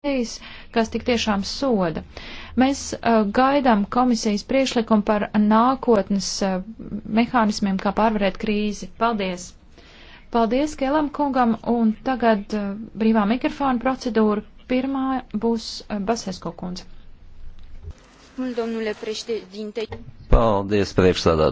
sankcijas, kas tik tiešām soda. Mēs uh, gaidām komisijas priešlikumu par nākotnes uh, mehānismiem, kā pārvarēt krīzi. Paldies! Paldies Kēlam kungam, un tagad uh, brīvā mikrofona procedūra. Pirmā būs uh, Basesko kundze. Paldies, priekšstādāt.